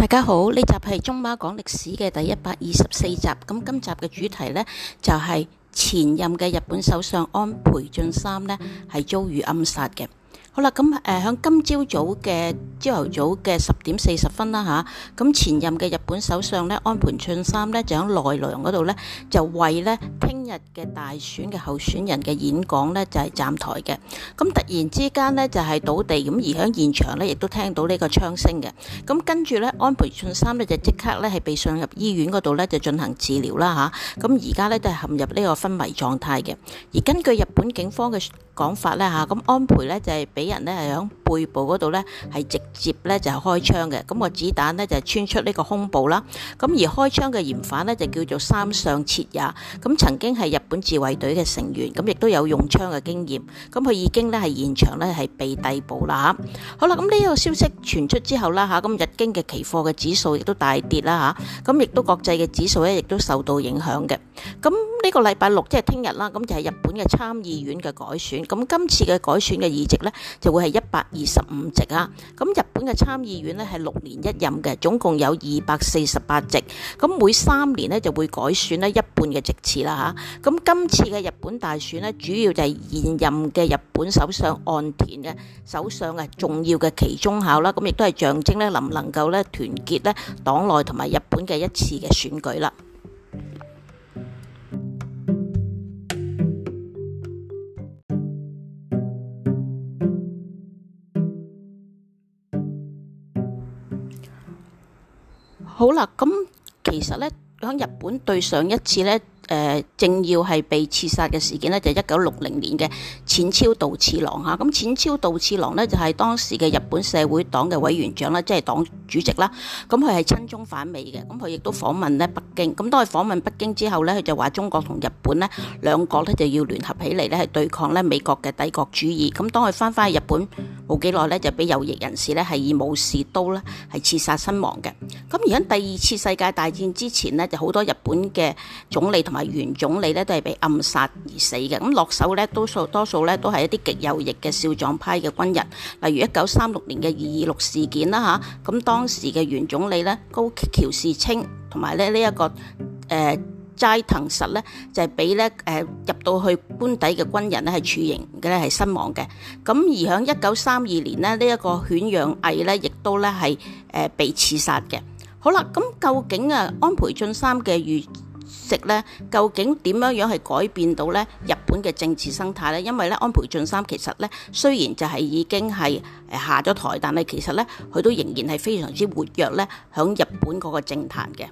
大家好，呢集係中馬講歷史嘅第一百二十四集。咁今集嘅主題呢，就係、是、前任嘅日本首相安倍晉三呢，係遭遇暗殺嘅。好、呃、早早啦，咁誒響今朝早嘅朝頭早嘅十點四十分啦吓，咁前任嘅日本首相呢，安倍晉三呢，就響奈良嗰度呢，就為呢。聽。日嘅大選嘅候選人嘅演講呢，就係、是、站台嘅，咁突然之間呢，就係、是、倒地，咁而喺現場呢，亦都聽到呢個槍聲嘅，咁跟住呢，安倍晉三呢，就即刻呢，係被送入醫院嗰度呢，就進行治療啦吓，咁而家呢，都係陷入呢個昏迷狀態嘅，而根據日本警方嘅講法呢，吓、啊，咁安倍呢，就係、是、俾人呢，係喺背部嗰度呢，係直接呢，就開槍嘅，咁、那個子彈呢，就穿出呢個胸部啦，咁、啊、而開槍嘅嫌犯呢，就叫做三上徹也，咁曾經。係日本自衛隊嘅成員，咁亦都有用槍嘅經驗，咁佢已經咧係現場咧係被逮捕啦。好啦，咁呢個消息傳出之後啦，吓咁日經嘅期貨嘅指數亦都大跌啦，吓咁亦都國際嘅指數咧亦都受到影響嘅。咁呢個禮拜六即係聽日啦，咁就係日本嘅參議院嘅改選，咁今次嘅改選嘅議席呢，就會係一百二十五席啦。咁日本嘅參議院呢，係六年一任嘅，總共有二百四十八席，咁每三年呢，就會改選呢一半嘅席次啦，吓。咁今次嘅日本大選呢，主要就係現任嘅日本首相岸田嘅首相嘅重要嘅期中考啦。咁亦都係象徵呢，能唔能夠呢團結呢黨內同埋日本嘅一次嘅選舉啦。好啦，咁其實呢，響日本對上一次呢。誒正、呃、要係被刺殺嘅事件呢，就係一九六零年嘅淺超道次郎嚇。咁、嗯嗯、淺超道次郎呢，就係、是、當時嘅日本社會黨嘅委員長啦，即、啊、係、就是、黨主席啦。咁佢係親中反美嘅，咁佢亦都訪問呢北京。咁、啊、當佢訪問北京之後呢，佢就話中國同日本呢兩國呢，就要聯合起嚟呢，係對抗呢美國嘅帝國主義。咁、啊、當佢翻返去日本冇幾耐呢，就俾右翼人士呢，係以武士刀呢，係刺殺身亡嘅。咁而家第二次世界大戰之前呢，就好多日本嘅總理同埋。原總理咧都係被暗殺而死嘅，咁落手咧多數多數咧都係一啲極右翼嘅少壯派嘅軍人，例如一九三六年嘅二二六事件啦嚇，咁、啊、當時嘅原總理咧高橋是清同埋咧呢一、這個誒、呃、齋藤實咧就係俾咧誒入到去官邸嘅軍人咧係處刑嘅咧係身亡嘅，咁而喺一九三二年呢，呢、這、一個犬養毅咧亦都咧係誒被刺殺嘅。好啦，咁究竟啊安倍晉三嘅預食咧，究竟點樣樣係改變到咧日本嘅政治生態咧？因為咧，安倍晉三其實咧，雖然就係已經係誒下咗台，但係其實咧，佢都仍然係非常之活躍咧，響日本嗰個政壇嘅。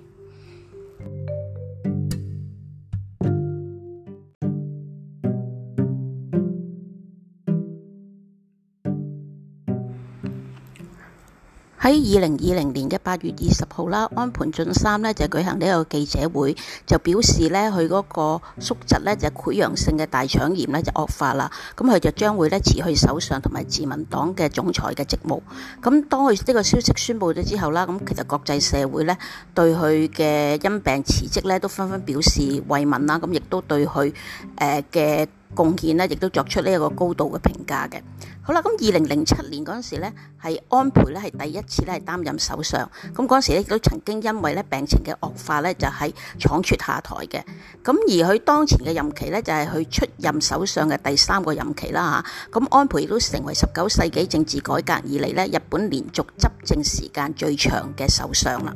喺二零二零年嘅八月二十號啦，安倍晉三咧就舉行呢個記者會，就表示咧佢嗰個宿疾，咧就潰瘍性嘅大腸炎咧就惡化啦，咁佢就將會咧辭去首相同埋自民黨嘅總裁嘅職務。咁當佢呢個消息宣布咗之後啦，咁其實國際社會咧對佢嘅因病辭職咧都紛紛表示慰問啦，咁亦都對佢誒嘅。呃貢獻呢亦都作出呢一個高度嘅評價嘅。好啦，咁二零零七年嗰陣時咧，係安倍呢係第一次咧係擔任首相。咁嗰陣時咧亦都曾經因為咧病情嘅惡化呢，就喺闖出下台嘅。咁而佢當前嘅任期呢，就係佢出任首相嘅第三個任期啦吓，咁安倍亦都成為十九世紀政治改革以嚟呢日本連續執政時間最長嘅首相啦。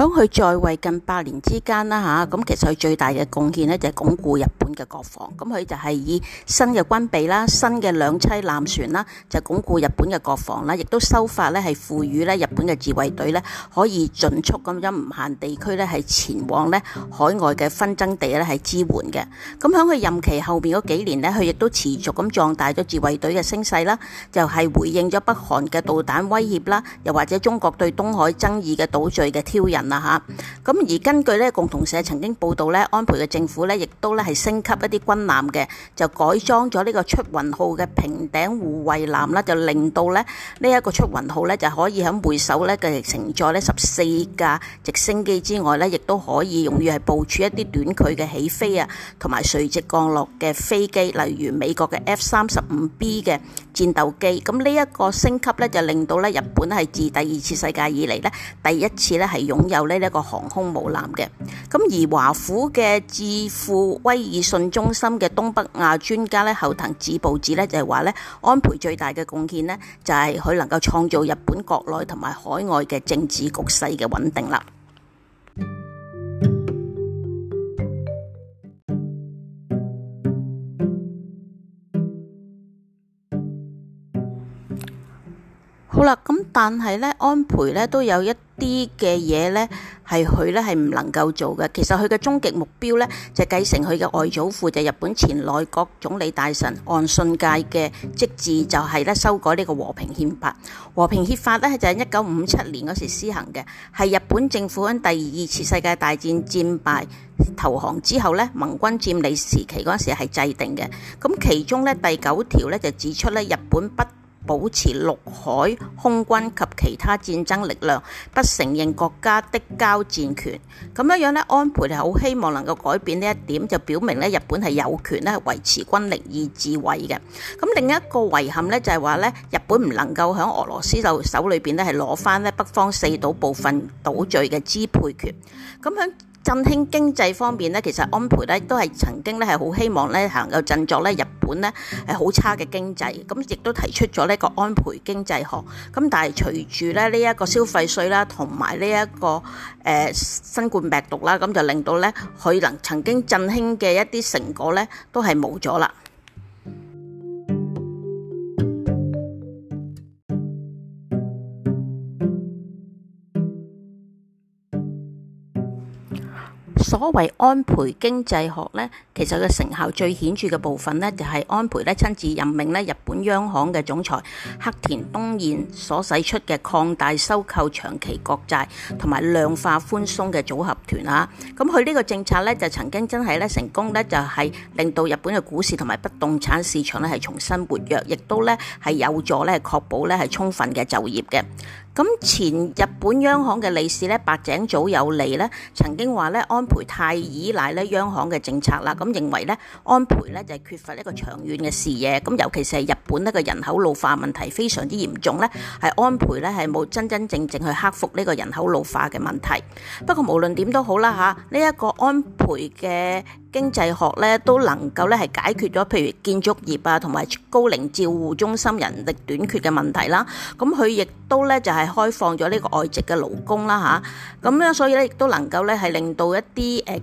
響佢在位近八年之間啦吓，咁其實佢最大嘅貢獻呢，就係鞏固日本嘅國防。咁佢就係以新嘅軍備啦、新嘅兩棲艦船啦，就鞏固日本嘅國防啦，亦都修法呢，係賦予呢日本嘅自衛隊呢，可以迅速咁樣唔限地區呢，係前往呢海外嘅紛爭地呢，係支援嘅。咁喺佢任期後面嗰幾年呢，佢亦都持續咁壯大咗自衛隊嘅聲勢啦，就係、是、回應咗北韓嘅導彈威脅啦，又或者中國對東海爭議嘅島嶼嘅挑釁。啦咁、啊、而根據咧共同社曾經報道咧，安倍嘅政府咧，亦都咧係升級一啲軍艦嘅，就改裝咗呢個出雲號嘅平頂護衛艦呢，就令到咧呢一個出雲號咧就可以喺每艘咧嘅承載咧十四架直升機之外咧，亦都可以用於係部署一啲短距嘅起飛啊同埋垂直降落嘅飛機，例如美國嘅 F 三十五 B 嘅，戰鬥機咁呢一個升級咧，就令到咧日本係自第二次世界以嚟咧第一次咧係擁有呢一個航空母艦嘅。咁而華府嘅智庫威爾遜中心嘅東北亞專家咧後藤智步子咧就係話咧安倍最大嘅貢獻咧就係佢能夠創造日本國內同埋海外嘅政治局勢嘅穩定啦。好啦，咁但係咧，安倍咧都有一啲嘅嘢咧，係佢咧係唔能夠做嘅。其實佢嘅終極目標咧，就係繼承佢嘅外祖父就日本前內閣總理大臣岸信介嘅職志，就係咧修改呢個和平憲法。和平憲法咧就係一九五七年嗰時施行嘅，係日本政府喺第二次世界大戰戰敗投降之後咧，盟軍佔領時期嗰陣時係制定嘅。咁其中咧第九條咧就指出咧，日本不保持陸海空軍及其他戰爭力量，不承認國家的交戰權。咁樣樣咧，安倍係好希望能夠改變呢一點，就表明咧日本係有權咧維持軍力以自衛嘅。咁另一個遺憾咧就係話咧，日本唔能夠喺俄羅斯手裏邊咧係攞翻咧北方四島部分島嶼嘅支配權。咁喺振興經濟方面咧，其實安倍咧都係曾經咧係好希望咧能夠振作咧日本咧係好差嘅經濟，咁亦都提出咗呢個安倍經濟學。咁但係隨住咧呢一個消費稅啦，同埋呢一個誒新冠病毒啦，咁就令到咧佢能曾經振興嘅一啲成果咧都係冇咗啦。所謂安倍經濟學咧，其實佢成效最顯著嘅部分咧，就係安倍咧親自任命咧日本央行嘅總裁黑田東彥所使出嘅擴大收購長期國債同埋量化寬鬆嘅組合拳啊！咁佢呢個政策咧就曾經真係咧成功咧，就係令到日本嘅股市同埋不動產市場咧係重新活躍，亦都咧係有助咧確保咧係充分嘅就業嘅。咁前日本央行嘅理事咧白井早有嚟咧，曾經話咧安倍太依賴咧央行嘅政策啦，咁認為咧安倍咧就係缺乏一個長遠嘅視野，咁尤其是係日本呢個人口老化問題非常之嚴重咧，係安倍咧係冇真真正正去克服呢個人口老化嘅問題，不過無論點都好啦吓，呢、這、一個安倍嘅經濟學咧，都能夠咧係解決咗譬如建築業啊，同埋高齡照護中心人力短缺嘅問題啦。咁佢亦都咧就係。係開放咗呢個外籍嘅勞工啦吓，咁、啊、樣，所以咧亦都能夠咧係令到一啲誒。呃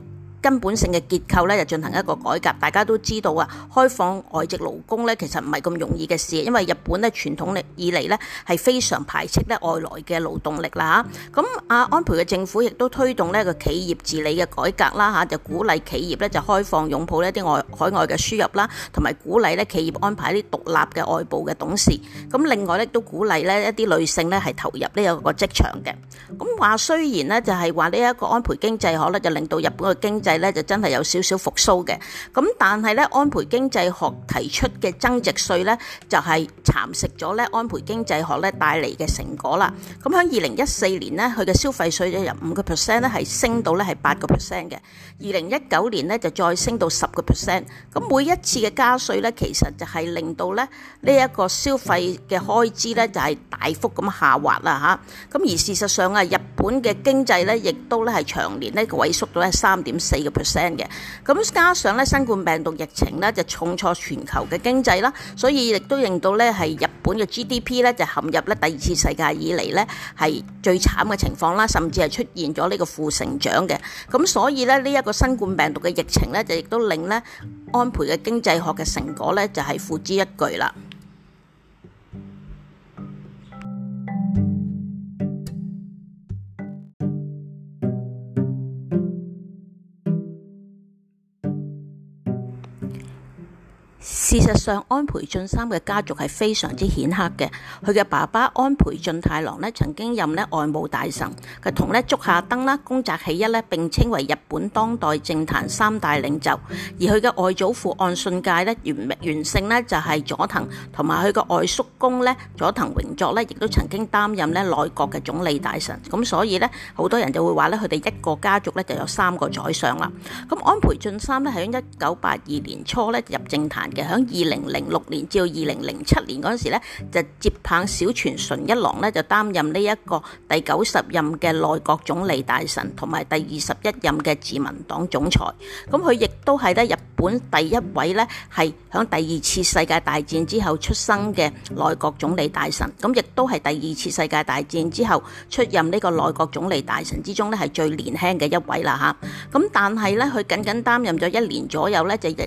根本性嘅結構咧，就進行一個改革。大家都知道啊，開放外籍勞工咧，其實唔係咁容易嘅事，因為日本咧傳統嚟以嚟咧係非常排斥咧外來嘅勞動力啦嚇。咁啊，安倍嘅政府亦都推動呢個企業治理嘅改革啦嚇、啊，就鼓勵企業咧就開放擁抱呢啲外海外嘅輸入啦，同、啊、埋鼓勵咧企業安排啲獨立嘅外部嘅董事。咁、啊、另外咧都鼓勵咧一啲女性咧係投入呢一個職場嘅。咁、啊、話雖然呢，就係話呢一個安倍經濟學可能就令到日本嘅經濟咧就真係有少少復甦嘅，咁但係咧安倍經濟學提出嘅增值稅咧，就係蠶食咗咧安倍經濟學咧帶嚟嘅成果啦。咁喺二零一四年咧，佢嘅消費稅咧由五個 percent 咧係升到咧係八個 percent 嘅。二零一九年咧就再升到十個 percent。咁每一次嘅加稅咧，其實就係令到咧呢一個消費嘅開支咧就係大幅咁下滑啦嚇。咁而事實上啊，日本嘅經濟咧亦都咧係長年咧萎縮到咧三點四 percent 嘅，咁加上咧新冠病毒疫情咧就重挫全球嘅經濟啦，所以亦都令到咧係日本嘅 GDP 咧就陷入咧第二次世界以嚟咧係最慘嘅情況啦，甚至係出現咗呢個負成長嘅。咁所以咧呢一個新冠病毒嘅疫情咧就亦都令咧安倍嘅經濟學嘅成果咧就係付之一炬啦。事實上，安倍晉三嘅家族係非常之顯赫嘅。佢嘅爸爸安倍晉太郎咧，曾經任咧外務大臣，佢同咧竹下登啦、宮澤喜一咧並稱為日本當代政壇三大領袖。而佢嘅外祖父岸信介咧，原原姓咧就係佐藤，同埋佢嘅外叔公咧佐藤榮作咧，亦都曾經擔任咧內閣嘅總理大臣。咁所以咧，好多人就會話咧，佢哋一個家族咧就有三個宰相啦。咁安倍晉三咧係喺一九八二年初咧入政壇嘅。二零零六年至二零零七年嗰陣時咧，就接棒小泉純一郎咧，就擔任呢一個第九十任嘅內閣總理大臣，同埋第二十一任嘅自民黨總裁。咁佢亦都係咧日本第一位咧係響第二次世界大戰之後出生嘅內閣總理大臣，咁亦都係第二次世界大戰之後出任呢個內閣總理大臣之中咧係最年輕嘅一位啦吓。咁但係咧，佢僅僅擔任咗一年左右咧，就亦。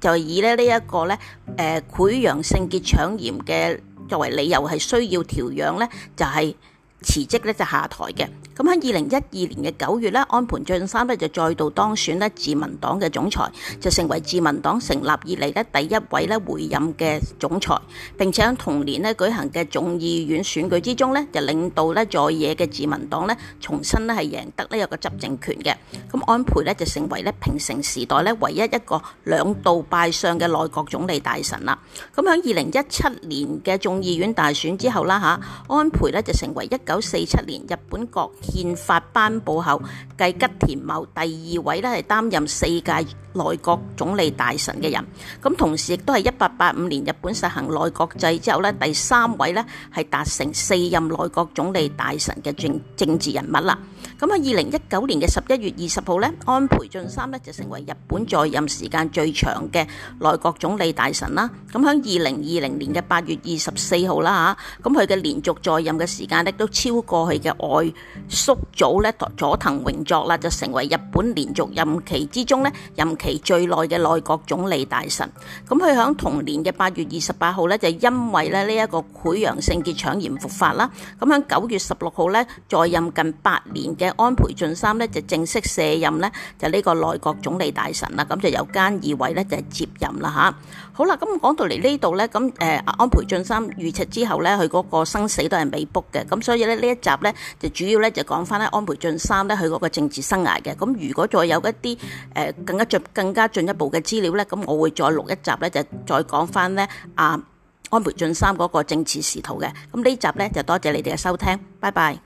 就以呢、呢、一個咧，誒潰瘍性結腸炎嘅作為理由係需要調養呢就係、係、辭職咧就下台嘅。咁喺二零一二年嘅九月咧，安倍晉三咧就再度當選咧自民黨嘅總裁，就成為自民黨成立以嚟咧第一位咧回任嘅總裁。並且喺同年咧舉行嘅眾議院選舉之中咧，就領導咧在野嘅自民黨咧重新咧係贏得呢有個執政權嘅。咁安倍咧就成為咧平成時代咧唯一一個兩度拜相嘅內閣總理大臣啦。咁喺二零一七年嘅眾議院大選之後啦吓，安倍咧就成為一九四七年日本國。憲法頒布後，繼吉田茂第二位咧係擔任四屆內閣總理大臣嘅人，咁同時亦都係一八八五年日本實行內閣制之後咧，第三位咧係達成四任內閣總理大臣嘅政政治人物啦。咁喺二零一九年嘅十一月二十號咧，安倍晉三咧就成為日本在任時間最長嘅內閣總理大臣啦。咁響二零二零年嘅八月二十四號啦吓，咁佢嘅連續在任嘅時間咧都超過佢嘅外叔祖咧佐藤榮作啦，就成為日本連續任期之中咧任期最耐嘅內閣總理大臣。咁佢喺同年嘅八月二十八號咧就因為咧呢一個潰瘍性結腸炎復發啦。咁喺九月十六號咧，在任近八年嘅。安倍晉三咧就正式卸任咧，就呢個內閣總理大臣啦，咁就由菅義偉咧就接任啦吓。好啦，咁講到嚟呢度咧，咁誒，安倍晉三遇刺之後咧，佢嗰個生死都係未卜嘅，咁所以咧呢一集咧就主要咧就講翻咧安倍晉三咧佢嗰個政治生涯嘅。咁如果再有一啲誒更加進更加進一步嘅資料咧，咁我會再錄一集咧就再講翻咧啊安倍晉三嗰個政治仕途嘅。咁呢集咧就多謝你哋嘅收聽，拜拜。